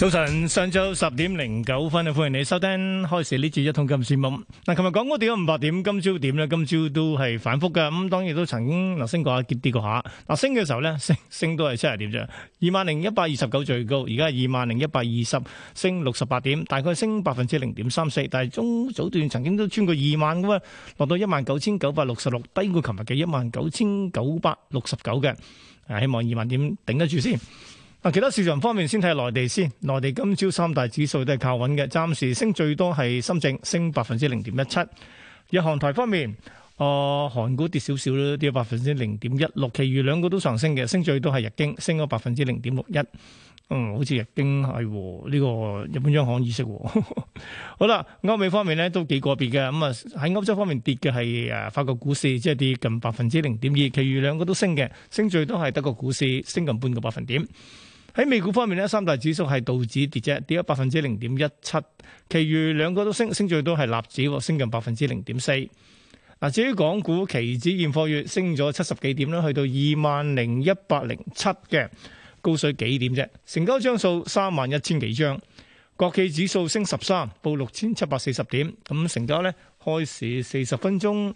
早晨，上晝十點零九分啊，歡迎你收聽《開市呢字一桶金》節目。嗱，琴日港股跌咗五百點，今朝點咧？今朝都係反復嘅，咁當然都曾經嗱升過下，跌跌過下。嗱，升嘅時候咧，升升都係七十點啫，二萬零一百二十九最高，而家二萬零一百二十，升六十八點，大概升百分之零點三四。但係中早段曾經都穿過二萬嘅嘛，落到一萬九千九百六十六，低過琴日嘅一萬九千九百六十九嘅。誒，希望二萬點頂得住先。嗱，其他市場方面先睇下內地先。內地今朝三大指數都係靠穩嘅，暫時升最多係深證，升百分之零點一七。日韓台方面，啊、呃，韓股跌少少咯，跌百分之零點一六。其餘兩個都上升嘅，升最多係日經，升咗百分之零點六一。嗯，好似日經係呢、哦這個日本央行意識、哦。 好啦，歐美方面咧都幾個別嘅咁啊。喺歐洲方面跌嘅係誒法國股市，即係跌近百分之零點二。其餘兩個都升嘅，升最多係德國股市，升近半個百分點。喺美股方面咧，三大指數係道指跌啫，跌咗百分之零點一七，其餘兩個都升，升咗都係納指喎，升近百分之零點四。嗱，至於港股期指現貨月升咗七十幾點啦，去到二萬零一百零七嘅，高水幾點啫？成交張數三萬一千幾張，國企指數升十三，報六千七百四十點，咁成交咧，開市四十分鐘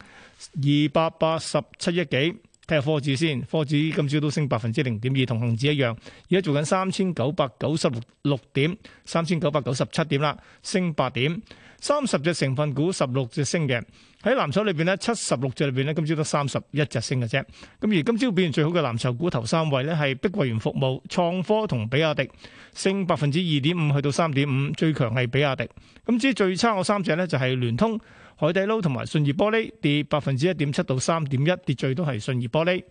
二百八十七億幾。睇下科指先，科指今朝都升百分之零點二，同恒指一樣。而家做緊三千九百九十六點，三千九百九十七點啦，升八點。三十隻成分股，十六隻升嘅。喺藍籌裏邊呢，七十六隻裏邊呢，今朝得三十一隻升嘅啫。咁而今朝表現最好嘅藍籌股頭三位呢，係碧桂園服務、創科同比亞迪，升百分之二點五，去到三點五。最強係比亞迪。咁至最差嗰三隻呢，就係聯通。海底撈同埋信義玻璃跌百分之一點七到三點一，跌最多係信義玻璃。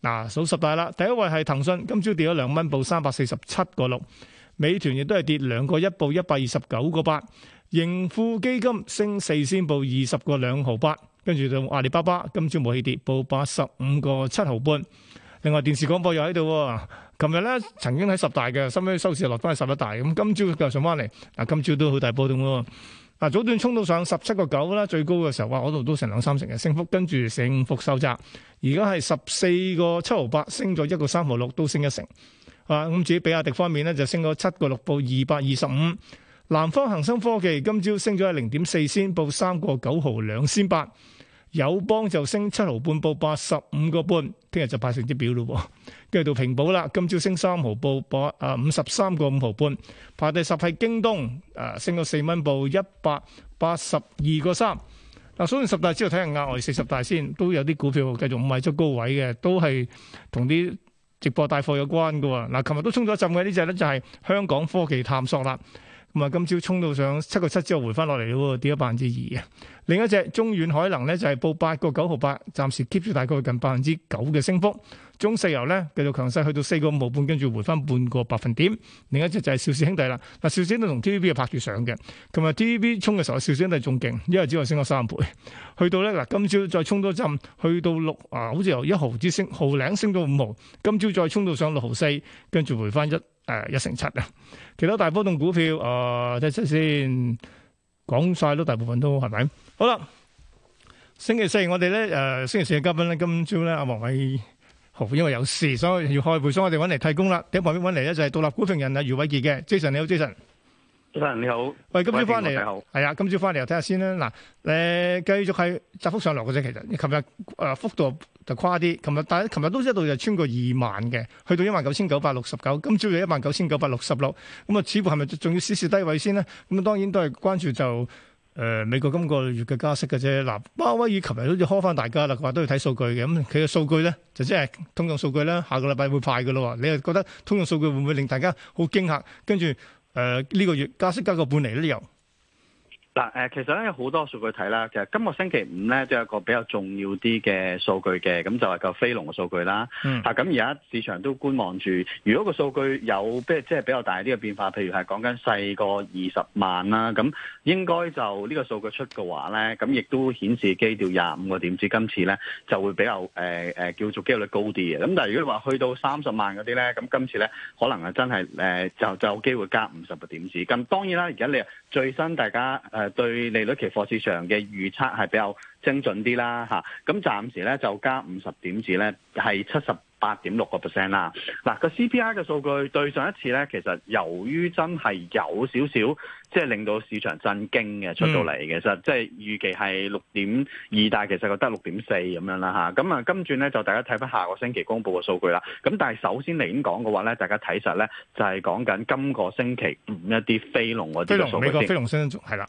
嗱，數十大啦，第一位係騰訊，今朝跌咗兩蚊，報三百四十七個六。美團亦都係跌兩個一，報一百二十九個八。盈富基金升四仙，報二十個兩毫八。跟住就阿里巴巴，今朝冇起跌，報八十五個七毫半。另外電視廣播又喺度，琴日咧曾經喺十大嘅，收尾收市落翻去十一大，咁今朝又上翻嚟。嗱，今朝都好大波動咯。嗱，早段衝到上十七個九啦，最高嘅時候話嗰度都成兩三成嘅升幅，跟住升幅收窄。而家係十四個七毫八，升咗一個三毫六，都升了一成。啊，咁至於比亞迪方面咧，就升咗七個六，報二百二十五。南方恒生科技今朝升咗零點四仙，報三個九毫兩仙八。友邦就升七毫半，報八十五個半，聽日就派成績表咯。跟住到平保啦，今朝升三毫，報八啊五十三個五毫半。排第十係京東，誒升到四蚊，報一百八十二個三。嗱，所以十大之後睇下額外四十大先，都有啲股票繼續唔係出高位嘅，都係同啲直播帶貨有關噶。嗱，琴日都沖咗一浸嘅呢隻咧，就係香港科技探索啦。咁啊，今朝沖到上七個七之後回翻落嚟咯，跌咗百分之二嘅。另一隻中遠海能咧就係報八個九毫八，暫時 keep 住大概近百分之九嘅升幅。中石油咧繼續強勢，去到四個五毫半，跟住回翻半個百分點。另一隻就係邵氏兄弟啦，嗱邵氏兄弟同 T V B 係拍住上嘅。今日 T V B 衝嘅時候，邵氏兄弟仲勁，因為只係升咗三倍，去到咧嗱今朝再衝多陣，去到六啊，好似由一毫升毫零升到五毫。今朝再衝到上六毫四，呃，跟住回翻一誒一成七啊！其他大波動股票啊，睇、呃、先。講晒都大部分都係咪？是，好啦，星期四我哋咧、誒，星期四嘅嘉賓咧，今朝咧阿黃偉豪，因為有事，所以要開會，所以我哋揾嚟替工啦。喺旁邊揾嚟咧就係獨立股評人啊，余偉傑嘅 Jason，你好，Jason。先生你好，喂，今朝翻嚟，你好。係啊，今朝翻嚟，睇下先啦。嗱，誒，繼續係窄幅上落嘅啫。其實，琴日誒，幅、啊、度就跨啲，琴日但係琴日都知道就穿過二萬嘅，去到一萬九千九百六十九，今朝就一萬九千九百六十六。咁啊，似乎係咪仲要試試低位先咧？咁、嗯、啊，當然都係關注就誒、呃，美國今個月嘅加息嘅啫。嗱、啊，鮑威爾琴日都要呵翻大家啦，話都要睇數據嘅。咁佢嘅數據咧，就即、就、係、是、通脹數據啦。下個禮拜會快嘅咯。你又覺得通脹數據會唔會令大家好驚嚇？跟住？誒呢、呃這個月加息加個半年都有。嗱誒，其實咧有好多數據睇啦。其實今個星期五咧都有一個比較重要啲嘅數據嘅，咁就係個非農嘅數據啦。咁而家市場都觀望住，如果個數據有即係即係比較大啲嘅變化，譬如係講緊細過二十萬啦，咁應該就呢個數據出嘅話咧，咁亦都顯示基調廿五個點子。今次咧就會比較誒、呃、叫做機會率高啲嘅。咁但係如果你話去到三十萬嗰啲咧，咁今次咧可能啊真係誒、呃、就就有機會加五十個點子。咁當然啦，而家你最新大家、呃對利率期貨市場嘅預測係比較精準啲啦，吓，咁暫時咧就加五十點子咧，係七十八點六個 percent 啦。嗱，個 CPI 嘅數據對上一次咧，其實由於真係有少少即係令到市場震驚嘅、嗯、出到嚟，其實即係預期係六點二，但其實覺得六點四咁樣啦，吓，咁啊跟住咧就大家睇翻下個星期公布嘅數據啦。咁但係首先嚟咁講嘅話咧，大家睇實咧就係講緊今個星期五、嗯、一啲飛龍嗰啲飛龍美國飛龍升係啦。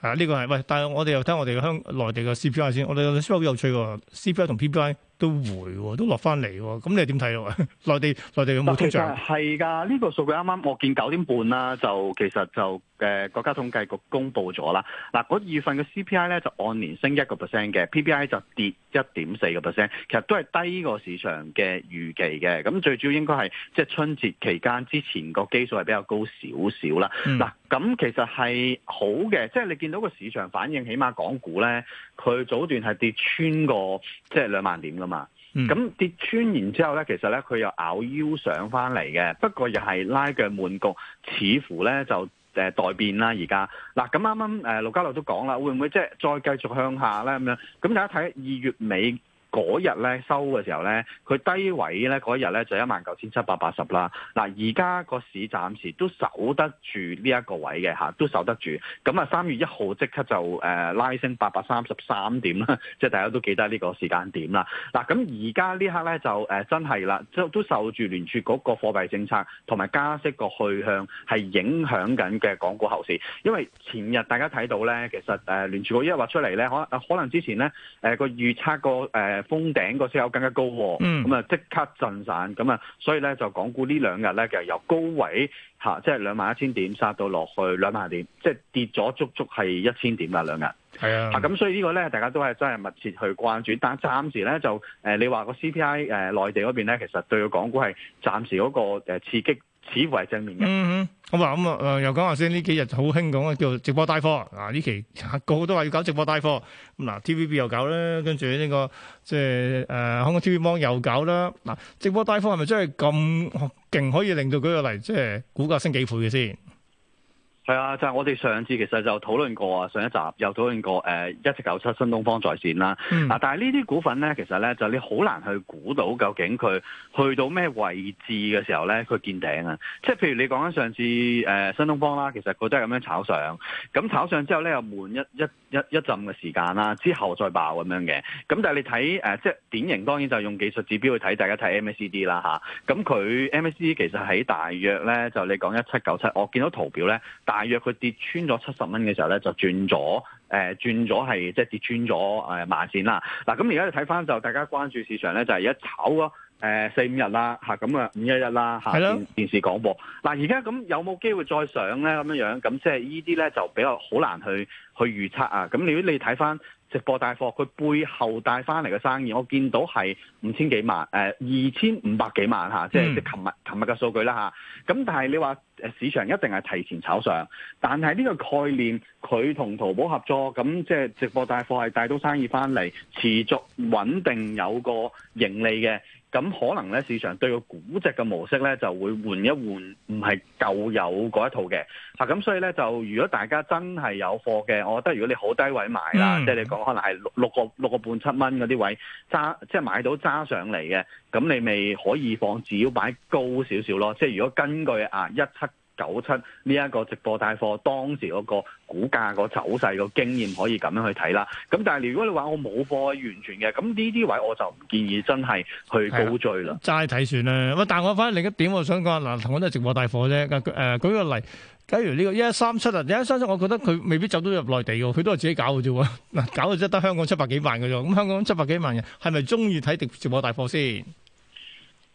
啊，呢、這個係喂，但係我哋又聽我哋嘅香內地嘅 CPI 先，我哋嘅 CPI 好有趣喎，CPI 同 PPI。都會喎、啊，都落翻嚟喎。咁你點睇啊？內地內地有冇增長係㗎。呢、這個數據啱啱我見九點半啦，就其實就誒、呃、國家統計局公布咗啦。嗱，二月份嘅 CPI 咧就按年升一個 percent 嘅，PPI 就跌一點四個 percent。其實都係低過市場嘅預期嘅。咁最主要應該係即係春節期間之前個基數係比較高少少啦。嗱、嗯，咁其實係好嘅，即、就、係、是、你見到個市場反應，起碼港股咧佢早段係跌穿過即係兩萬點㗎。咁、嗯、跌穿完之後咧，其實咧佢又咬腰上返嚟嘅，不過又係拉鋸悶局，似乎咧就誒待、呃、變啦而家。嗱，咁啱啱誒盧家樂都講啦，會唔會即係再繼續向下咧咁樣？咁大家睇下二月尾。嗰日咧收嘅時候咧，佢低位咧嗰一日咧就一萬九千七百八十啦。嗱，而家個市暫時都守得住呢一個位嘅，都守得住。咁啊，三月一號即刻就、呃、拉升八百三十三點啦，即係大家都記得呢個時間點啦。嗱，咁而家呢刻咧就真係啦，都都受住聯儲局個貨幣政策同埋加息個去向係影響緊嘅港股後市。因為前日大家睇到咧，其實誒、呃、聯儲局一話出嚟咧，可可能之前咧誒個預測個封頂個需求更加高，咁啊即刻震散，咁啊所以咧就港股呢兩日咧其實由高位嚇即係兩萬一千點殺到落去兩萬點，即係跌咗足足係一千點啦兩日。係啊，咁所以呢個咧大家都係真係密切去關注，但暫時咧就誒你話個 CPI 誒內地嗰邊咧，其實對個港股係暫時嗰個刺激。似乎係正面嘅，嗯。嗯哼，好嘛，咁啊，又講下先，呢幾日好興講啊，叫做直播帶貨。嗱，呢期個個都話要搞直播帶貨。咁嗱，TVB 又搞啦，跟住呢個即係誒香港 TVB 又搞啦。嗱，直播帶貨係咪真係咁勁，可以令到舉個例，即係股價升幾倍嘅先？係啊，就係、是、我哋上次其實就討論過啊，上一集又討論過誒，一七九七新東方在線啦。嗯、啊，但係呢啲股份咧，其實咧就你好難去估到究竟佢去到咩位置嘅時候咧，佢見頂啊！即、就、係、是、譬如你講緊上次誒、呃、新東方啦，其實佢都係咁樣炒上，咁炒上之後咧又悶一一一一陣嘅時間啦，之後再爆咁樣嘅。咁但係你睇誒，即係典型當然就係用技術指標去睇，大家睇 MACD 啦吓咁、啊、佢 MACD 其實喺大約咧就你講一七九七，我見到圖表咧大約佢跌穿咗七十蚊嘅時候咧、呃，就轉咗，誒轉咗係即係跌穿咗誒麻線啦。嗱咁而家你睇翻就大家關注市場咧，就係、是、而家炒咗，誒四五日啦，嚇咁啊五一一啦，嚇、啊、的電電視廣播。嗱而家咁有冇機會再上咧？咁樣樣咁即係依啲咧就比較好難去去預測啊。咁如果你睇翻。直播帶貨佢背後帶翻嚟嘅生意，我見到係五千幾萬，誒、呃、二千五百幾萬嚇，即係即係琴日琴日嘅數據啦嚇。咁、啊、但係你話市場一定係提前炒上，但係呢個概念佢同淘寶合作，咁即係直播帶貨係帶到生意翻嚟，持續穩定有個盈利嘅。咁可能咧，市場對個估值嘅模式咧就會換一換，唔係舊有嗰一套嘅。咁所以咧，就如果大家真係有貨嘅，我覺得如果你好低位買啦，即係你講可能係六六個六個半七蚊嗰啲位揸，即係買到揸上嚟嘅，咁你咪可以放，只要擺高少少咯。即係如果根據啊一七。九七呢一個直播帶貨當時嗰個股價個走勢個經驗，可以咁樣去睇啦。咁但係如果你話我冇貨完全嘅，咁呢啲位我就唔建議真係去高追啦。齋睇算啦。喂，但係我反而另一點我，我想講嗱，同我都係直播帶貨啫。誒、呃、舉個例，假如呢個一三七啊，一三七，我覺得佢未必走得入內地嘅，佢都係自己搞嘅啫喎。嗱，搞到只得香港七百幾萬嘅啫。咁香港七百幾萬人係咪中意睇直播帶貨先？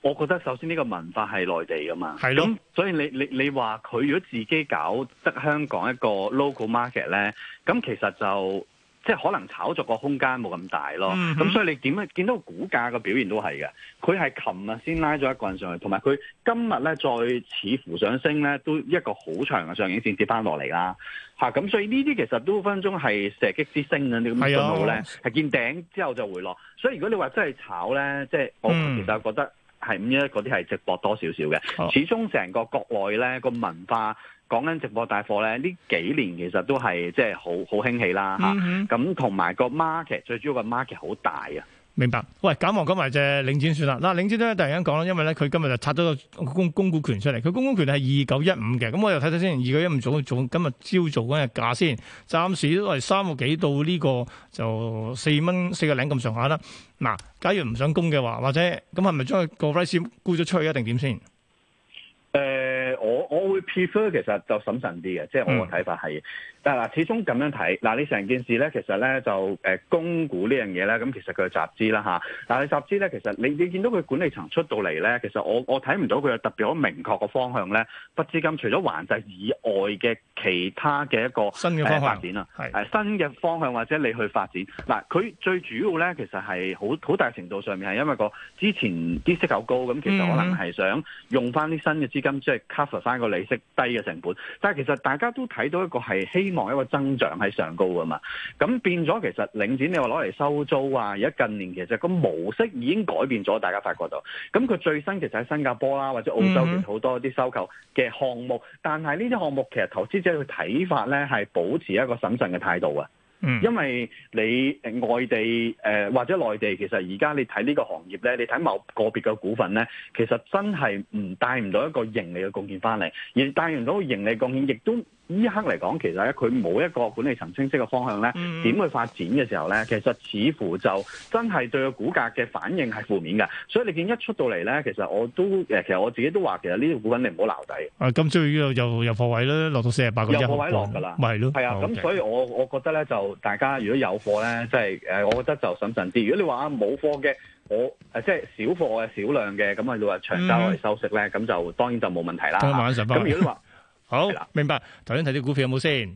我覺得首先呢個文化係內地噶嘛，咁的所以你你你話佢如果自己搞得香港一個 local market 咧，咁其實就即係可能炒作個空間冇咁大咯。咁、嗯、哼所以你點啊見到股價個表現都係嘅，佢係琴日先拉咗一個人上去，同埋佢今日咧再似乎上升咧都一個好長嘅上影線跌翻落嚟啦。咁、啊、所以呢啲其實都分分鐘係射擊之星啊！信呢啲咁嘅訊號咧係見頂之後就回落，所以如果你話真係炒咧，嗯、即係我其實覺得。.係咁樣，嗰啲係直播多少少嘅。哦、始終成個國內咧個文化講緊直播帶貨咧，呢幾年其實都係即係好好興起啦吓，咁同埋個 market 最主要個 market 好大啊。明白，喂，減望講埋隻領展算啦。嗱，領展都一突然間講啦，因為咧佢今日就拆咗個供供股權出嚟。佢供股權係二九一五嘅，咁我又睇睇先看看，二九一五早早今日朝早嗰日價先，暫時都係三個幾到呢個就四蚊四個零咁上下啦。嗱，假如唔想供嘅話，或者咁係咪將個 rights 沽咗出去一定點先？我，我會 prefer 其實就審慎啲嘅，即係我嘅睇法係。嗯、但係嗱，始終咁樣睇嗱，你成件事咧，其實咧就誒，供、呃、股呢樣嘢咧，咁其實佢集資啦吓。但係集資咧，其實你你見到佢管理層出到嚟咧，其實我我睇唔到佢有特別好明確嘅方向咧。筆資金除咗還債、就是、以外嘅其他嘅一個新嘅方向、呃、發展啊，係的新嘅方向或者你去發展嗱，佢的最主要咧其實係好好大程度上面係因為個之前啲息口高，咁其實可能係想用翻啲新嘅資金即係、嗯、哼 cover 翻。個利息低嘅成本，但係其實大家都睇到一個係希望一個增長喺上高噶嘛，咁變咗其實領展你話攞嚟收租啊，而家近年其實個模式已經改變咗，大家發覺到，咁佢最新其實喺新加坡啦或者澳洲嘅好多啲收購嘅項目，mm hmm. 但係呢啲項目其實投資者嘅睇法咧係保持一個審慎嘅態度啊。嗯、因為你外地誒、呃、或者內地，其實而家你睇呢個行業咧，你睇某個別嘅股份咧，其實真係唔帶唔到一個盈利嘅貢獻翻嚟，而帶唔到個盈利貢獻，亦都。依一刻嚟講，其實咧佢冇一個管理層清晰嘅方向咧，點、嗯、去發展嘅時候咧，其實似乎就真係對個股價嘅反應係負面嘅。所以你見一出到嚟咧，其實我都誒，其實我自己都話，其實呢啲股份你唔好撈底。啊，今朝度又有貨位咧，落到四十八個。有貨位落噶啦，係咯，係啊。咁 Okay. 所以我我覺得咧，就大家如果有貨咧，即係誒，我覺得就審慎啲。如果你話啊冇貨嘅，我誒即係少貨嘅少量嘅，咁啊你話長揸嚟收息咧，咁、嗯、就當然就冇問題啦。啊啊、晚咁如果你話 好，的明白。頭先睇啲股票有冇先？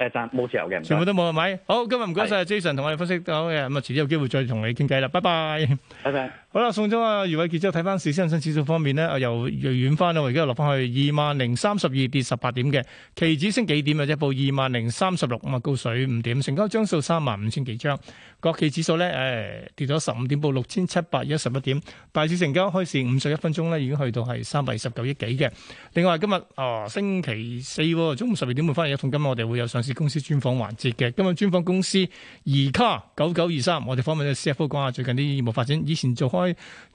誒，但冇自由嘅，全部都冇係咪？好，今日唔該晒 Jason 同我哋分析到嘅，咁啊的，遲啲有機會再同你傾偈啦，拜拜，拜拜。好啦，送咗啊，余偉傑，之後睇翻市，恒生指數方面咧，由遠翻啦，我而家落翻去二萬零三十二跌十八點嘅，期指升幾點嘅一報二萬零三十六咁啊，高水五點，成交張數三萬五千幾張，國企指數咧，誒、哎、跌咗十五點，報六千七百一十一點，大市成交開市五十一分鐘咧，已經去到係三百二十九億幾嘅。另外今日啊、哦、星期四中午十二點半翻嚟，一桶金今日我哋會有上市公司專訪環節嘅，今日專訪公司移卡九九二三，我哋方面嘅 CFO 講下最近啲業務發展，以前做開。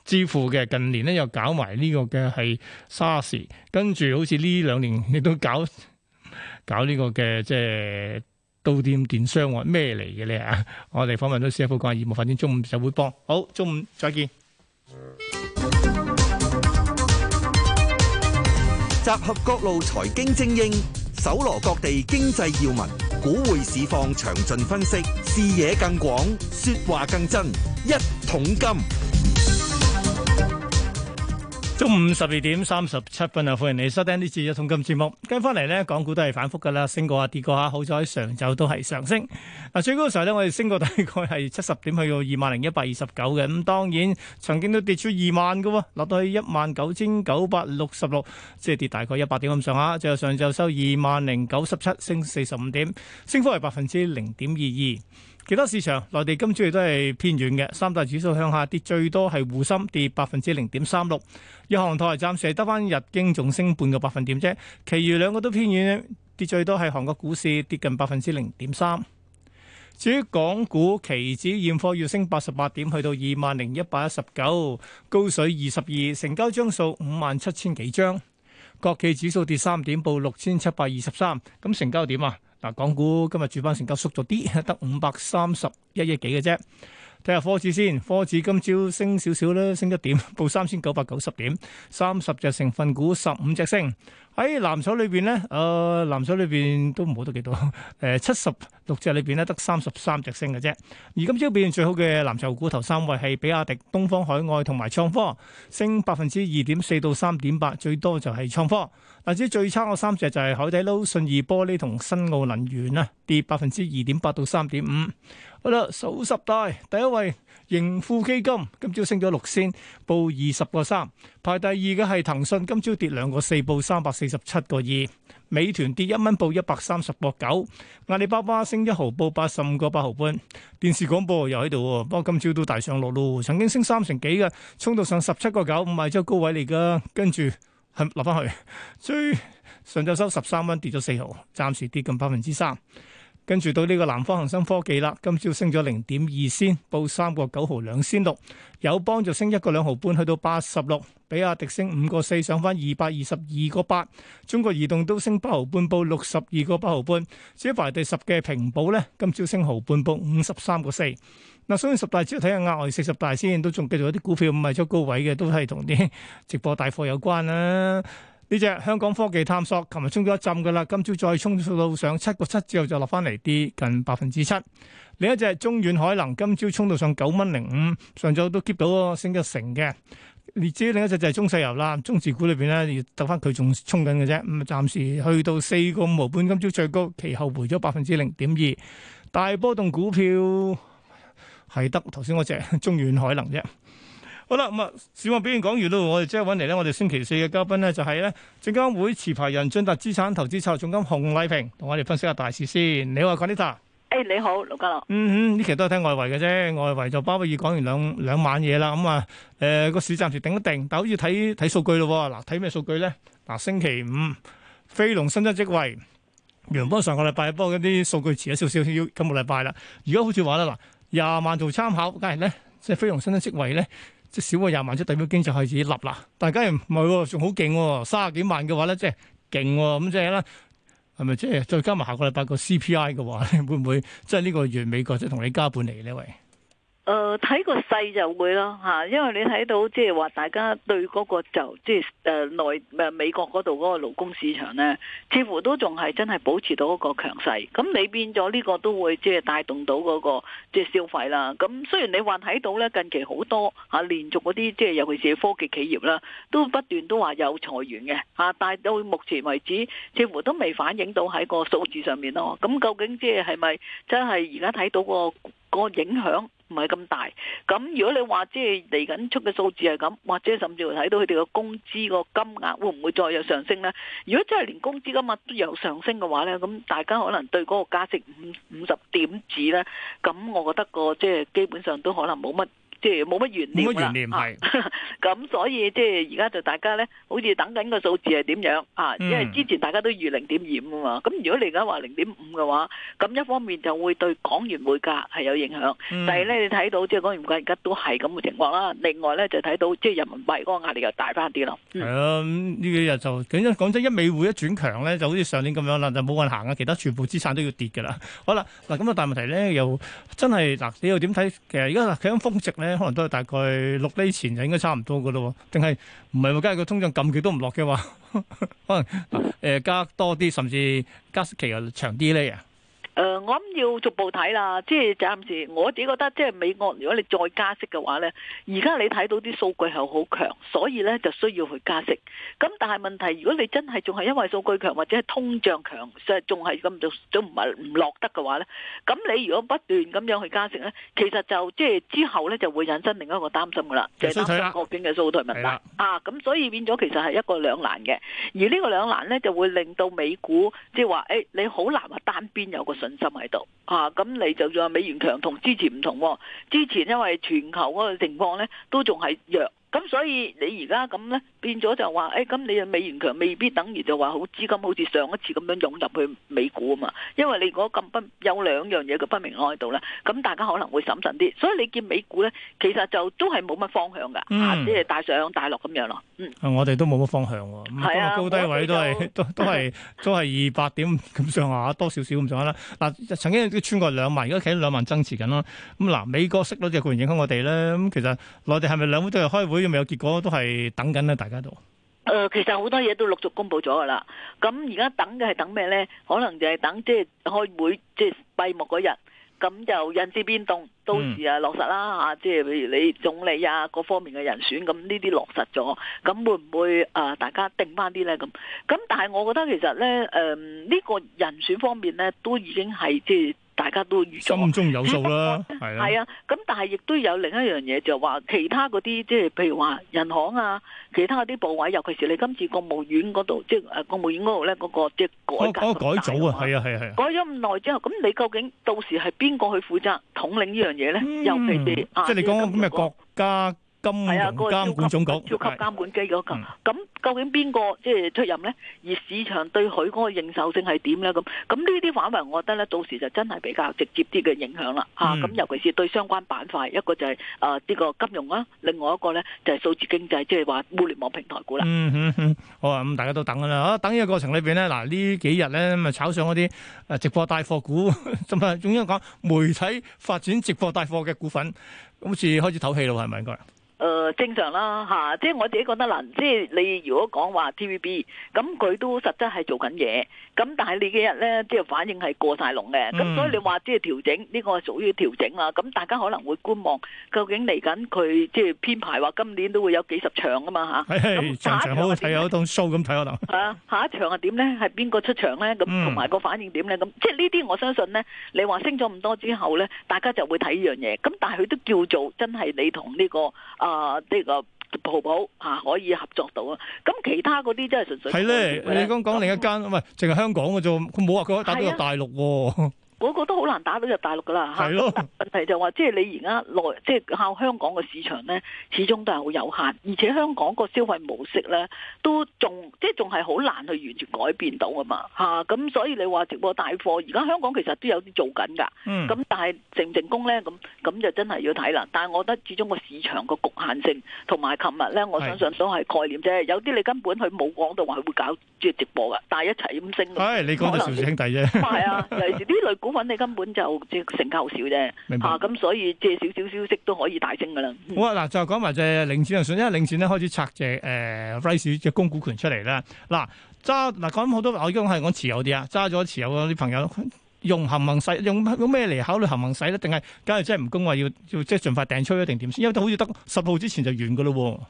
支付嘅近年咧，又搞埋呢個嘅係 SARS 跟住好似呢兩年亦、這個、都搞搞呢個嘅，即係到店電商咩嚟嘅咧？我哋訪問咗 C F 官，業務發展中午就會幫好，中午再見。集合各路財經精英，搜羅各地經濟要聞，股匯市況詳盡分析，視野更廣，說話更真，一桶金。中午十二點三十七分啊，歡迎你收聽呢次一桶金節目。跟翻嚟呢，港股都係反覆噶啦，升過下跌過下，好彩喺上晝都係上升。最高嘅時候呢，我哋升過大概係七十點去到二萬零一百二十九嘅。咁當然，曾經都跌出二萬㗎喎，落到去一萬九千九百六十六，即係跌大概一百點咁上下。就上晝收二萬零九十七，升四十五點，升幅係百分之零點二二。其他市場，內地今朝亦都係偏軟嘅，三大指數向下跌，最多係滬深跌百分之零點三六，日韓台暫時係得翻日經仲升半個百分點啫，其餘兩個都偏軟，跌最多係韓國股市跌近百分之零點三。至於港股期指現貨要升八十八點，去到二萬零一百一十九，高水二十二，成交張數五萬七千幾張。國企指數跌三點，報六千七百二十三，咁成交點啊？嗱，港股今日主板成交縮咗啲，得五百三十一億幾嘅啫。睇下科指先，科指今朝升少少啦，升一點，報三千九百九十點，三十隻成份股，十五隻升。喺藍籌裏邊咧，誒，藍籌裏邊都唔好得幾多，誒，七十六隻裏邊咧，得三十三隻升嘅啫。而今朝表現最好嘅藍籌股頭三位係比亞迪、東方海外同埋創科，升百分之二點四到三點八，最多就係創科。嗱，至最差嘅三隻就係海底撈、信義玻璃同新奧能源啊，跌百分之二點八到三點五。好啦，數十大第一位盈富基金，今朝升咗六仙，報二十個三。排第二嘅係騰訊，今朝跌兩個四，報三百四十七個二。美團跌一蚊，報一百三十個九。阿里巴巴升一毫報，報八十五個八毫半。電視廣播又喺度，不過今朝都大上落咯。曾經升三成幾嘅，沖到上十七個九，唔係即高位嚟噶。跟住係落翻去，最上晝收十三蚊，跌咗四毫，暫時跌近百分之三。跟住到呢個南方恒生科技啦，今朝升咗零點二仙，報三個九毫兩仙六，友邦就升一個兩毫半，去到八十六，比亞迪升五個四，上返二百二十二個八。中國移動都升八毫半，報六十二個八毫半。至於排第十嘅平保咧，今朝升毫半，報五十三個四。嗱，所以十大主要睇下額外四十大先，都仲繼續有啲股票唔係喺高位嘅，都係同啲直播大貨有關啦。呢隻香港科技探索，琴日衝咗一浸噶啦，今朝再衝到上七個七之後就落翻嚟，跌近百分之七。另一隻中遠海能，今朝衝到上九蚊零五，上晝都 keep 到升一成嘅。至於另一隻就係中石油啦，中字股裏邊咧，要等翻佢仲衝緊嘅啫。咁啊，暫時去到四個五毫半，今朝最高，其後回咗百分之零點二。大波動股票係得頭先嗰隻中遠海能啫。好啦，咁啊，市況表現講完啦，我哋即係揾嚟咧。我哋星期四嘅嘉賓咧就係咧證監會持牌人進達資產投資策略總監洪麗萍，同我哋分析一下大市先。你好 Ginetta 誒，hey, 你好，盧家樂。嗯哼，呢、嗯、期都係聽外圍嘅啫，外圍就巴貝爾講完兩兩晚嘢啦。咁、嗯、啊，誒個市暫時定一定，但好似睇睇數據咯。嗱，睇咩數據咧？嗱、啊，星期五非農新增職位，原本上個禮拜不過嗰啲數據遲咗少少，要今個禮拜啦。而家好似話咧，嗱、啊，廿萬做參考，梗係咧，即係非農新增職位咧。即少過廿萬即係代表經濟開始立啦，大家唔係喎，仲好勁喎，三十幾萬嘅話咧，即係勁喎，咁即係啦，係咪即係再加埋下個禮拜個 CPI 嘅話，會唔會即係呢個月美國即係同你加半釐咧？喂！誒，睇、呃、個勢就會咯吓，因為你睇到即係話大家對嗰個就即係誒內誒美國嗰度嗰個勞工市場咧，似乎都仲係真係保持到一個強勢。咁你變咗呢個都會即係帶動到嗰個即係消費啦。咁雖然你話睇到咧近期好多啊，連續嗰啲即係尤其是科技企業啦，都不斷都話有裁員嘅吓、啊，但到目前為止似乎都未反映到喺個數字上面咯。咁究竟即係係咪真係而家睇到、嗰個、嗰個影響？唔係咁大，咁如果你話即係嚟緊出嘅數字係咁，或者甚至會睇到佢哋個工資個金額會唔會再有上升呢？如果真係連工資金額都有上升嘅話呢，咁大家可能對嗰個價值五五十點子呢，咁我覺得個即係基本上都可能冇乜。即係冇乜懸念啦，咁所以即係而家就大家咧，好似等緊個數字係點樣啊？因為之前大家都預零點二喎，咁如果你而家話零點五嘅話，咁一方面就會對港元匯價係有影響，但係咧你睇到即係港元匯價而家都係咁嘅情況啦。另外咧就睇到即係人民幣嗰個壓力又大翻啲咯。係啊，呢幾日就講真，講真，一美匯一轉強咧，就好似上年咁樣啦，就冇運行啊，其他全部資產都要跌㗎啦。好啦，嗱咁啊，大問題咧又真係嗱，你又點睇？其實而家佢咁風值咧。可能都係大概六厘前就應該差唔多嘅咯，定係唔係話？梗係個通脹㩒住都唔落嘅話，可能誒、啊呃、加多啲，甚至加息期又長啲咧啊！誒、呃，我諗要逐步睇啦，即係暫時我自己覺得，即係美國如果你再加息嘅話咧，而家你睇到啲數據係好強，所以咧就需要去加息。咁但係問題，如果你真係仲係因為數據強或者係通脹強，即係仲係咁，就都唔係唔落得嘅話咧，咁你如果不斷咁樣去加息咧，其實就即係之後咧就會引申另一個擔心噶啦，就擔、是、心國邊嘅數據問題了啊。咁所以變咗其實係一個兩難嘅，而個兩呢個兩難咧就會令到美股即係話誒，你好難話單邊有個。信心喺度吓，咁，啊，你就仲有美元強同之前唔同，哦，之前因為全球嗰個情況咧，都仲係弱。咁所以你而家咁咧，變咗就話，誒咁你啊美元強未必等於就話好資金好似上一次咁樣湧入去美股啊嘛，因為你如果咁不有兩樣嘢嘅不明愛喺度咧，咁大家可能會審慎啲。所以你見美股咧，其實就都係冇乜方向㗎，啊即係大上大落咁樣咯。嗯，我哋都冇乜方向喎，今日高低位都係都都係都係二百點咁上下，多少少咁上下啦。嗱，曾經都穿過兩萬，而家企喺兩萬增持緊啦。咁嗱，美國息率又固然影響我哋咧，咁其實內地係咪兩會都係開會？有冇結果都係等緊咧，大家都。誒、呃，其實好多嘢都陸續公布咗噶啦。咁而家等嘅係等咩咧？可能就係等即係、就是、開會，即係閉幕嗰日。咁就人事變動，到時啊落實啦吓。即係、嗯啊、譬如你總理啊，各方面嘅人選，咁呢啲落實咗，咁會唔會誒、呃、大家定翻啲咧？咁咁，但係我覺得其實咧，誒、呃、呢、這個人選方面咧，都已經係即係。就是大家都心中有數啦，係係 啊，咁但係亦都有另一樣嘢，就話、是、其他嗰啲，即係譬如話銀行啊，其他嗰啲部位，尤其是你今次國務院嗰度，即係誒國務院嗰度咧，嗰個即係改革嗰個改組啊，係啊，係啊，改咗咁耐之後，咁你究竟到時係邊個去負責統領呢樣嘢咧？嗯、尤其是、啊、即係你講緊咩國家。金融監管總局、啊那個、超級監管機構咁，咁、嗯、究竟邊個即係出任呢？而市場對佢嗰個認受性係點咧？咁咁呢啲反問，我覺得咧到時就真係比較直接啲嘅影響啦。吓、嗯，咁、啊、尤其是對相關板塊，一個就係誒呢個金融啦、啊，另外一個咧就係、是、數字經濟，即係話互聯網平台股啦。嗯嗯好啊，咁大家都等啦。等呢個過程裏邊呢，嗱呢幾日咧咪炒上嗰啲誒直播帶貨股，咁至總之講媒體發展直播帶貨嘅股份，好似開始唞氣啦，係咪應該？誒、呃、正常啦、啊、即係我自己覺得啦、啊，即係你如果講話 TVB，咁佢都實質係做緊嘢，咁但係你幾日咧，即係反應係過晒龍嘅，咁、嗯、所以你話即係調整，呢、呢個係屬於調整啊，咁大家可能會觀望，究竟嚟緊佢即係編排話今年都會有幾十場啊嘛吓，係係，場場好，係有一套數咁睇啊，下一場係點咧？係邊個出場咧？咁同埋個反應點咧？咁、嗯、即係呢啲我相信咧，你話升咗咁多之後咧，大家就會睇呢樣嘢，咁但係佢都叫做真係你同呢、呢個啊。呃啊！呢個淘寶啊，可以合作到啊，咁其他嗰啲真係純粹。係咧的，的你剛講另一間，唔係淨係香港嘅啫，佢冇話佢可以打到入大陸喎。的 我覺得好難打到入大陸噶啦嚇，的問題就話即係你而家內即係靠香港嘅市場咧，始終都係好有限，而且香港個消費模式咧都仲即係仲係好難去完全改變到的嘛啊嘛，咁所以你話直播帶貨而家香港其實都有啲做緊㗎，咁、嗯、但係成唔成功咧咁咁就真係要睇啦。但係我覺得始終個市場個局限性同埋琴日咧，我相信都係概念啫。是的有啲你根本佢冇講到話佢會搞即係直播㗎，但係一齊咁升。哎、你講嘅邵氏兄弟啫，係啊，尤其係啲 類股。你根本就即成交好少啫，嚇，咁明白、啊、所以借少少消息都可以大升噶啦。嗯、好啊，嗱就講埋隻領錢啊，算，因為領錢咧開始拆借誒、呃、Rice 嘅供股權出嚟啦。嗱揸嗱講好多，我已經係我持有啲啊，揸咗持有嗰啲朋友用行行使，用行行使用咩嚟考慮行行使咧？定係假如真係唔供話要要即盡快掟出一定點先？因為好似得十號之前就完噶咯喎。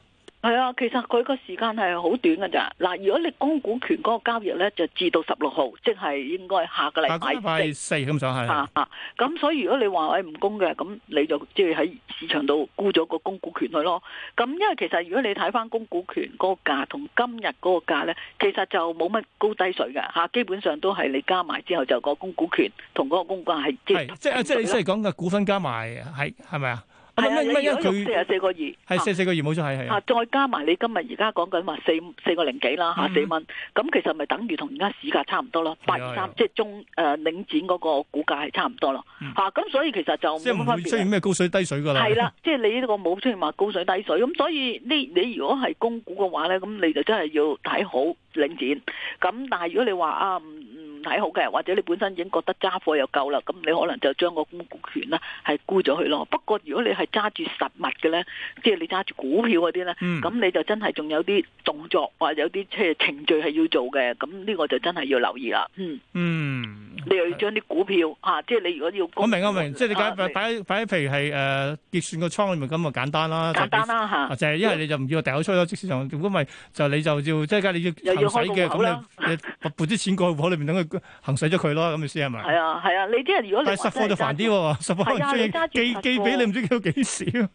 係啊，其實佢個時間係好短噶咋嗱，如果你供股權嗰個交易咧，就至到十六號，即係應該下個禮拜四咁上下吓。咁所以如果你話我唔供嘅，咁你就即係喺市場度沽咗個供股權去咯。咁因為其實如果你睇翻供股權嗰個價同今日嗰個價咧，其實就冇乜高低水噶吓，基本上都係你加埋之後就個供股權同嗰個公價係的即即即你所講嘅股份加埋係係咪啊？是係咪？因為佢四啊四個二，係四四個二冇錯，係係、啊。吓、啊，再加埋你今日而家講緊話四四個零幾啦，吓四蚊，咁、嗯、其實咪等於同而家市價差唔多咯，八二三即係中誒、呃、領展嗰個股價係差唔多咯，吓咁、嗯啊、所以其實就即係唔會出現咩高水低水噶啦。係啦、啊，即、就、係、是、你呢個冇出現話高水低水，咁 所以呢你，你如果係供股嘅話咧，咁你就真係要睇好領展，咁但係如果你話啊、嗯睇好嘅，或者你本身已經覺得揸貨又夠啦，咁你可能就將個股權啦係沽咗去咯。不過如果你係揸住實物嘅咧，即係你揸住股票嗰啲咧，咁你就真係仲有啲動作，或者有啲即係程序係要做嘅。咁呢個就真係要留意啦。嗯，嗯，你又要將啲股票吓，即係你如果要我明我明，即係你擺擺擺，譬如係誒結算個倉裏面咁啊簡單啦，簡單啦吓，就係因為你就唔要掉咗出去即市場，如果咪，就你就要即係而家你要又要開個局啦，撥啲錢過去戶口裏邊等佢。行使咗佢咯，咁咪先係咪？係啊，係啊，你啲人如果，你係實貨就煩啲喎，實貨唔、啊、知寄寄俾你唔知寄到幾時啊！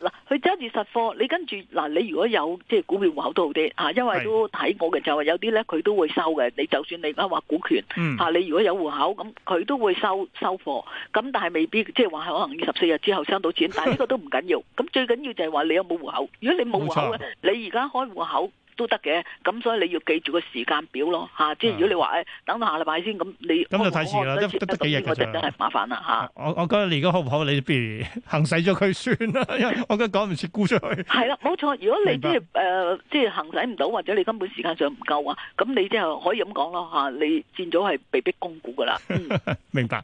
嗱、啊，佢揸住實貨，你跟住嗱、啊，你如果有即係股票戶口都好啲嚇、啊，因為都睇我嘅，就係、是、有啲咧佢都會收嘅。你就算你開劃股權嚇、嗯啊，你如果有戶口咁，佢都會收收貨。咁但係未必即係話可能二十四日之後收到錢， 但係呢個都唔緊要。咁最緊要就係話你有冇戶口。如果你冇戶口咧，你而家開戶口。錯都得嘅，咁所以你要記住個時間表咯，嚇！即係如果你話誒、哎、等下禮拜先，咁你咁就太遲啦，我得都幾日就真係麻煩啦嚇！我我覺得你而家好唔好，你不如行使咗佢算啦，因為我覺得趕唔切沽出去。係啦， 冇錯，如果你即係誒，即係白、呃就是、行使唔到，或者你根本時間上唔夠啊，咁你即係可以咁講咯嚇！你戰咗係被逼供股噶啦。 明白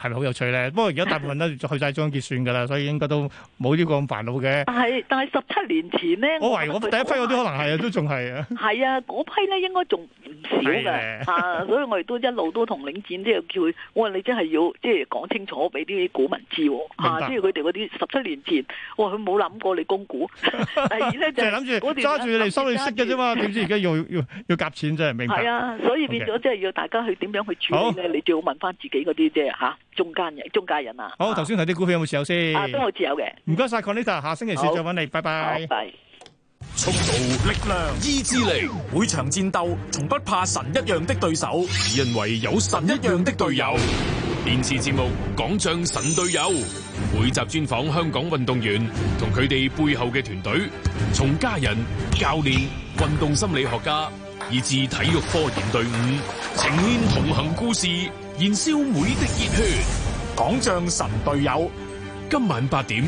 係咪好有趣咧？不過而家大部分都去晒中央結算噶啦，所以應該都冇呢個咁煩惱嘅。係，但係十七年前咧，我懷疑我第一批嗰啲可能係都仲。 係啊，係啊，嗰批咧，應該仲唔少嘅。所以我哋都一路都同領展即係叫佢，哇，你真係要即係講清楚俾啲股民知，吓，即係佢哋嗰啲十七年前，哇，佢冇諗過你供股，第二咧就係諗住揸住你收利息嘅啫嘛，點知而家要要要夾錢啫，明白？係啊，所以變咗即係要大家去點樣去處理咧，你最好問翻自己嗰啲即係吓中間人、中介人啊。好，頭先睇啲股票有冇持有先，啊，都係持有嘅，唔該晒 Conita，下星期四再揾你，拜拜。好，拜。速度、力量、意志力，每場戰鬥從不怕神一樣的對手，因為有神一樣的隊友。電視節目《港將神隊友》，每集專訪香港運動員同佢哋背後嘅團隊，從家人、教練、運動心理學家，以至體育科研隊伍，呈現同行故事，燃燒每滴熱血。《港將神隊友》，今晚八點，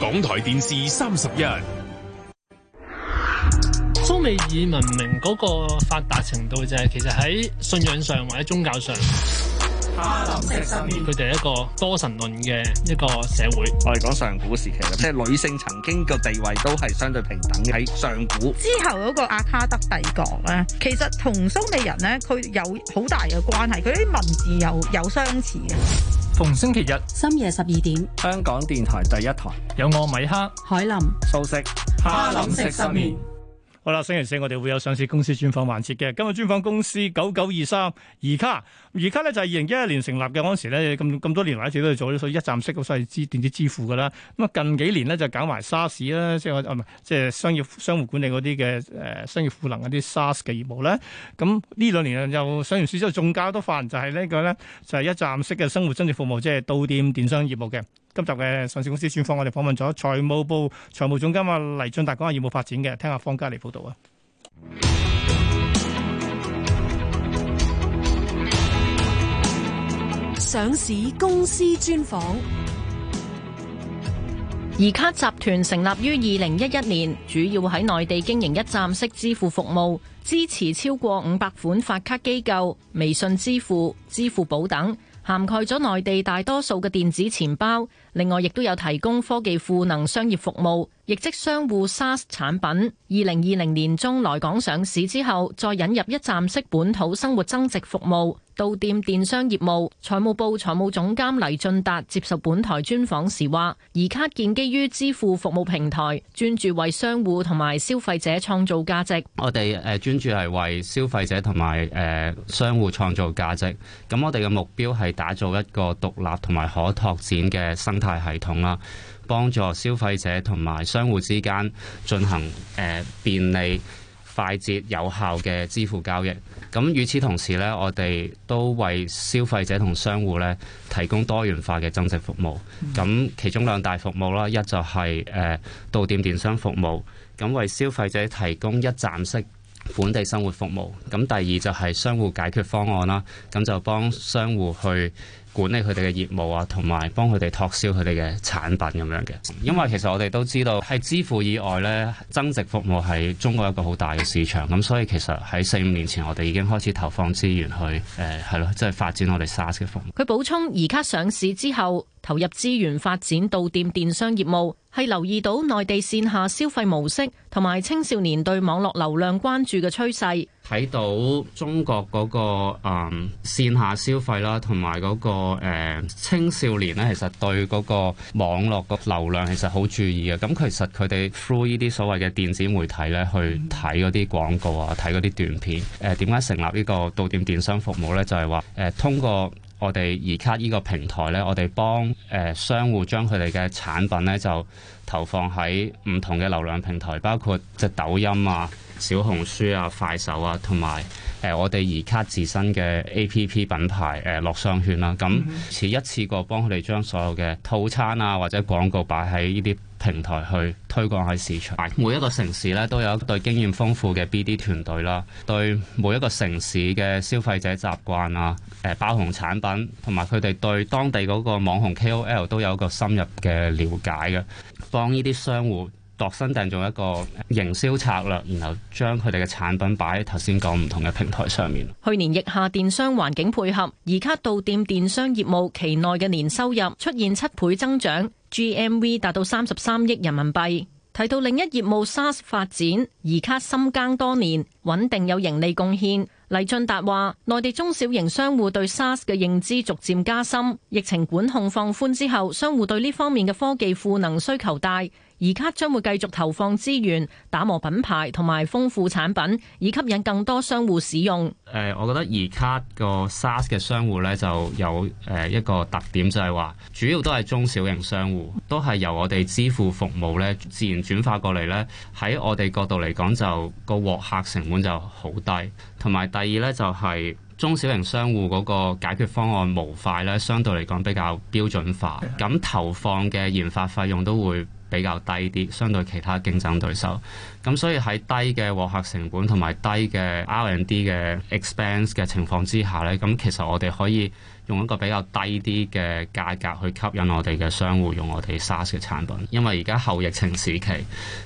港台電視三十一。以文明嗰個發達程度就係，其實喺信仰上或者宗教上，哈林食佢哋係一個多神論嘅一個社會。我哋講上古時期啦，即係女性曾經嘅地位都係相對平等嘅。喺上古之後嗰個阿卡德帝國咧，其實同蘇美人咧，佢有好大嘅關係，佢啲文字有有相似嘅。逢星期日深夜十二點，香港電台第一台有我米克、海林、素食、哈林食失眠。好啦，星期四我哋會有上市公司專訪環節嘅。今日專訪公司九九二三，移卡。移卡咧就係二零一一年成立嘅，嗰陣時咧，咁咁多年嚟一直都係做啲所謂一站式嘅所謂支電子支付嘅啦。咁啊近幾年咧就搞埋 SaaS 啦，即係啊唔係即係商業商戶管理嗰啲嘅誒商業賦能嗰啲 SaaS 嘅業務咧。咁呢兩年又上完市之後仲加多份，就係、是、呢個咧就係、是、一站式嘅生活增值服務，即係到店電商業務嘅。今集嘅上市公司專訪，我哋訪問咗財務部財務總監阿黎俊達講下業務發展嘅，聽下方嘉莉報道啊。上市公司專訪，而卡集團成立於二零一一年，主要喺內地經營一站式支付服務，支持超過五百款發卡機構，微信支付、支付寶等。涵蓋咗內地大多數嘅電子錢包，另外亦都有提供科技賦能商業服務。亦即商戶 SaaS 產品，二零二零年中來港上市之後再引入一站式本土生活增值服務到店電商業務財務部財務總監黎俊達接受本台專訪時話，移卡建基於支付服務平台，專注為商戶同埋消費者創造價值。我哋誒專注係為消費者同埋誒商戶創造價值。咁我哋嘅目標係打造一個獨立同埋可拓展嘅生態系統啦。幫助消費者同埋商戶之間進行誒便利、快捷、有效嘅支付交易。咁與此同時咧，我哋都為消費者同商戶咧提供多元化嘅增值服務。咁其中兩大服務啦，一就係誒到店電商服務，咁為消費者提供一站式本地生活服務。咁第二就係商戶解決方案啦，咁就幫商戶去。管理佢哋嘅業務啊，同埋幫佢哋託銷佢哋嘅產品咁樣嘅。因為其實我哋都知道，喺支付以外呢，增值服務係中國一個好大嘅市場。咁所以其實喺四五年前，我哋已經開始投放資源去誒，係咯，即係發展我哋 SaaS 嘅服務。佢補充：而家上市之後。投入資源發展到店電商業務，係留意到內地線下消費模式同埋青少年對網絡流量關注嘅趨勢。睇到中國嗰、嗰個誒、嗯、線下消費啦，同埋嗰個、嗯、青少年呢，其實對嗰個網絡流量其實好注意嘅。咁其實佢哋 through 呢啲所謂嘅電子媒體呢，去睇嗰啲廣告啊，睇嗰啲短片。誒點解成立呢個到店電商服務呢？就係話誒通過。我哋而卡呢個平台呢，我哋幫誒商戶將佢哋嘅產品呢就投放喺唔同嘅流量平台，包括即係抖音啊、小紅書啊、快手啊，同埋，誒、呃，我哋而家自身嘅 A P P 品牌誒樂商圈啦，咁一次一次過幫佢哋將所有嘅套餐啊或者廣告擺喺呢啲平台去推廣喺市場，每一個城市咧都有一隊經驗豐富嘅 B D 團隊啦，對每一個城市嘅消費者習慣啊、誒、呃、爆紅產品同埋佢哋對當地嗰個網紅 K O L 都有一個深入嘅了解嘅，幫呢啲商戶。度身訂做一個營銷策略，然後將佢哋嘅產品擺喺頭先講唔同嘅平台上面。去年疫下電商環境配合，移卡到店電商業務期內嘅年收入出現七倍增長，G M V 達到三十三億人民幣。提到另一業務 SaaS 發展，移卡深耕多年，穩定有盈利貢獻。黎俊達話，內地中小型商戶對 SaaS 嘅認知逐漸加深，疫情管控放寬之後，商戶對呢方面嘅科技賦能需求大。而卡將會繼續投放資源，打磨品牌同埋豐富產品，以吸引更多商戶使用。誒，我覺得而卡個 SaaS 嘅商戶咧，就有誒一個特點，就係話主要都係中小型商戶，都係由我哋支付服務咧自然轉化過嚟咧。喺我哋角度嚟講，就個獲客成本就好低。同埋第二咧，就係中小型商戶嗰個解決方案模塊咧，相對嚟講比較標準化。咁投放嘅研發費用都會比較低啲，相對其他競爭對手。咁所以喺低嘅獲客成本同埋低嘅 R and D 嘅 expense 嘅情況之下呢，咁其實我哋可以用一個比較低啲嘅價格去吸引我哋嘅商戶用我哋 SaaS 嘅產品。因為而家後疫情時期，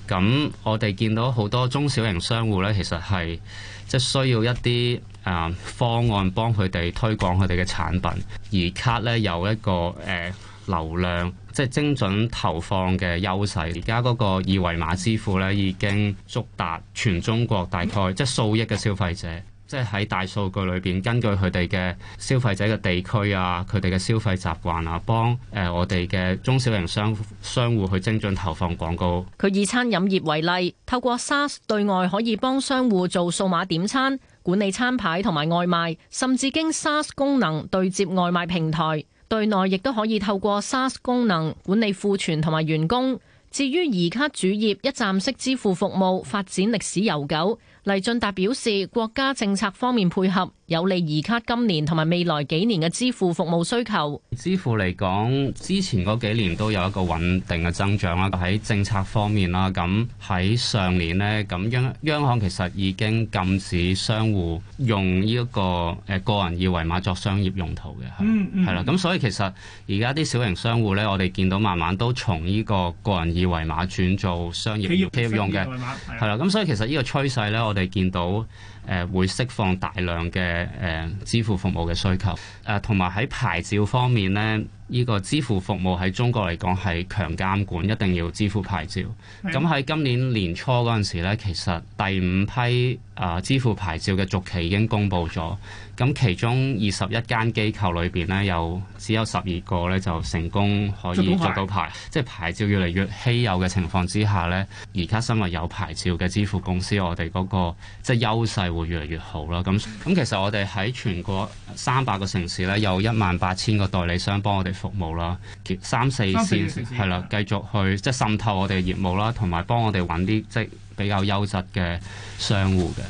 咁我哋見到好多中小型商戶呢，其實係即需要一啲、呃、方案幫佢哋推廣佢哋嘅產品，而卡呢，有一個、呃、流量。即係精準投放嘅優勢，而家嗰個二維碼支付咧已經觸達全中國大概即係數億嘅消費者，即係喺大數據裏邊根據佢哋嘅消費者嘅地區啊、佢哋嘅消費習慣啊，幫誒我哋嘅中小型商商戶去精準投放廣告。佢以餐飲業為例，透過 SaaS 對外可以幫商戶做數碼點餐、管理餐牌同埋外賣，甚至經 SaaS 功能對接外賣平台。對內亦都可以透過 SaaS 功能管理庫存同埋員工。至於移卡主業一站式支付服務發展歷史悠久。黎俊達表示，國家政策方面配合，有利移卡今年同埋未來幾年嘅支付服務需求。支付嚟講，之前嗰幾年都有一個穩定嘅增長啦。喺政策方面啦，咁喺上年呢，咁央央行其實已經禁止商戶用呢一個誒個人二維碼作商業用途嘅，係啦、嗯。咁、嗯、所以其實而家啲小型商戶咧，我哋見到慢慢都從呢個個人二維碼轉做商業企業用嘅，係啦。咁所以其實呢個趨勢咧，我哋係見到。誒會釋放大量嘅支付服務嘅需求，誒同埋喺牌照方面呢，依個，支付服務喺中國嚟講係強監管，一定要支付牌照。咁喺是今年年初嗰陣時咧，其實第五批啊支付牌照嘅續期已經公布咗，咁其中二十一間機構裏邊咧，有只有十二個咧就成功可以做到牌，即係牌，牌照越嚟越稀有嘅情況之下咧，而家身為有牌照嘅支付公司，我哋嗰個即係優勢。會越嚟越好啦，咁咁其實我哋喺全國三百個城市咧，有一萬八千個代理商幫我哋服務啦，三四線係啦，繼續去即係滲透我哋嘅業務啦，同埋幫我哋揾啲即係比較優質嘅商戶嘅。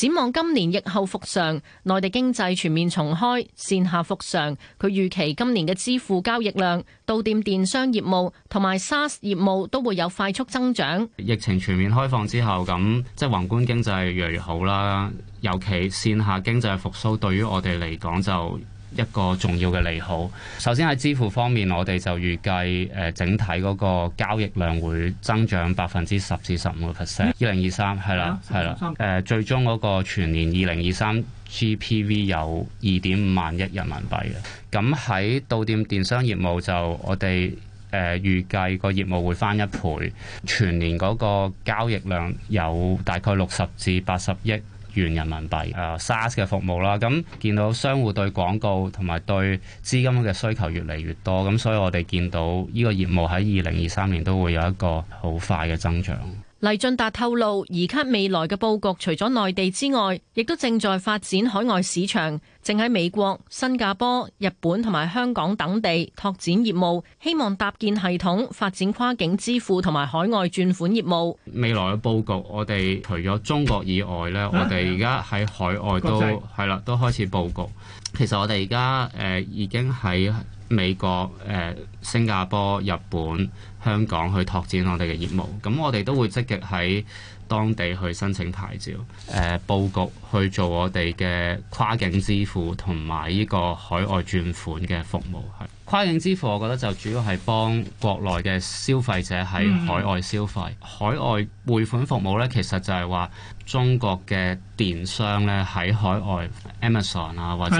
展望今年疫後復常，內地經濟全面重開，線下復常，佢預期今年嘅支付交易量、到店電商業務同埋 SaaS 業務都會有快速增長。疫情全面開放之後，咁即係宏觀經濟越嚟越好啦。尤其線下經濟復甦對於我哋嚟講就一個重要嘅利好，首先喺支付方面，我哋就預計誒整體嗰個交易量會增長百分之十至十五個 percent。二零二三係啦，係啦，誒最終嗰個全年二零二三 G P V 有二點五萬億人民幣嘅。咁喺到店電商業務就我哋誒預計個業務會翻一倍，全年嗰個交易量有大概六十至八十億。元人民幣，誒 SaaS 嘅服務啦，咁見到商戶對廣告同埋對資金嘅需求越嚟越多，咁所以我哋見到呢個業務喺二零二三年都會有一個好快嘅增長。黎俊達透露，而家未來嘅佈局，除咗內地之外，亦都正在發展海外市場，正喺美國、新加坡、日本同埋香港等地拓展業務，希望搭建系統，發展跨境支付同埋海外轉款業務。未來嘅佈局，我哋除咗中國以外咧，啊、我哋而家喺海外都係啦際，都開始佈局。其實我哋而家誒，已經喺。美國、呃、新加坡、日本、香港去拓展我哋嘅業務，咁我哋都會積極喺當地去申請牌照，誒、呃、佈局去做我哋嘅跨境支付同埋呢個海外轉款嘅服務。跨境支付我覺得就主要係幫國內嘅消費者喺海外消費，海外匯款服務呢，其實就係話中國嘅電商呢，喺海外 Amazon 啊，或者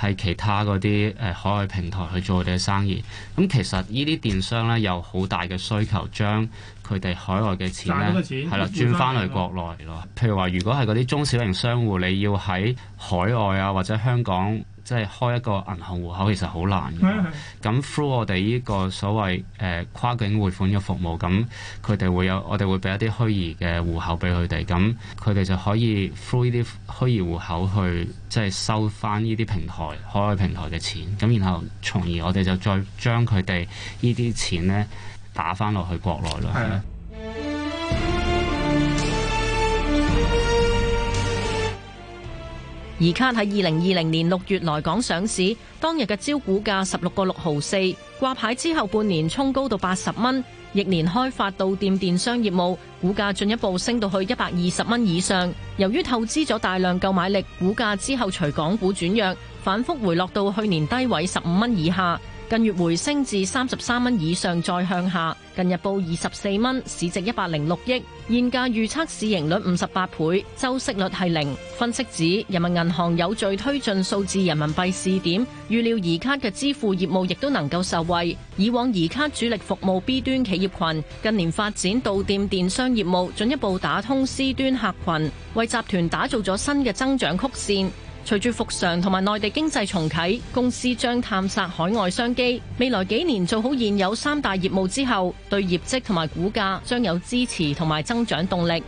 喺其他嗰啲誒海外平台去做佢哋嘅生意。咁其實呢啲電商呢，有好大嘅需求，將佢哋海外嘅錢呢，係啦轉翻去國內咯。譬如話，如果係嗰啲中小型商戶，你要喺海外啊或者香港。即係開一個銀行戶口其實好難嘅，咁 through 我哋呢個所謂誒、呃、跨境匯款嘅服務，咁佢哋會有我哋會俾一啲虛擬嘅戶口俾佢哋，咁佢哋就可以 through 啲虛擬戶口去即係、就是、收翻呢啲平台海外平台嘅錢，咁然後從而我哋就再將佢哋呢啲錢咧打翻落去國內咯。的移卡喺二零二零年六月來港上市，當日嘅招股價十六個六毫四，掛牌之後半年沖高到八十蚊，翌年開發到店電，電商業務，股價進一步升到去一百二十蚊以上。由於透支咗大量購買力，股價之後隨港股轉弱，反覆回落到去年低位十五蚊以下。近月回升至三十三蚊以上，再向下。近日報二十四蚊，市值一百零六億，現價預測市盈率五十八倍，周息率係零。分析指，人民銀行有序推進數字人民幣試點，預料移卡嘅支付業務亦都能夠受惠。以往移卡主力服務 B 端企業群，近年發展到店電商業務，進一步打通 C 端客群，為集團打造咗新嘅增長曲線。隨住復常同埋內地經濟重啟，公司將探索海外商機。未來幾年做好現有三大業務之後，對業績同埋股價將有支持同埋增長動力。